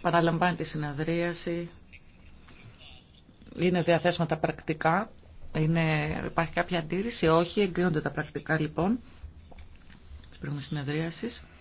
Παραλαμβάνει τη συνεδρίαση. Είναι διαθέσιμα τα πρακτικά. Είναι, υπάρχει κάποια αντίρρηση. Όχι. Εγκρίνονται τα πρακτικά λοιπόν τη πρώτη συνεδρίαση.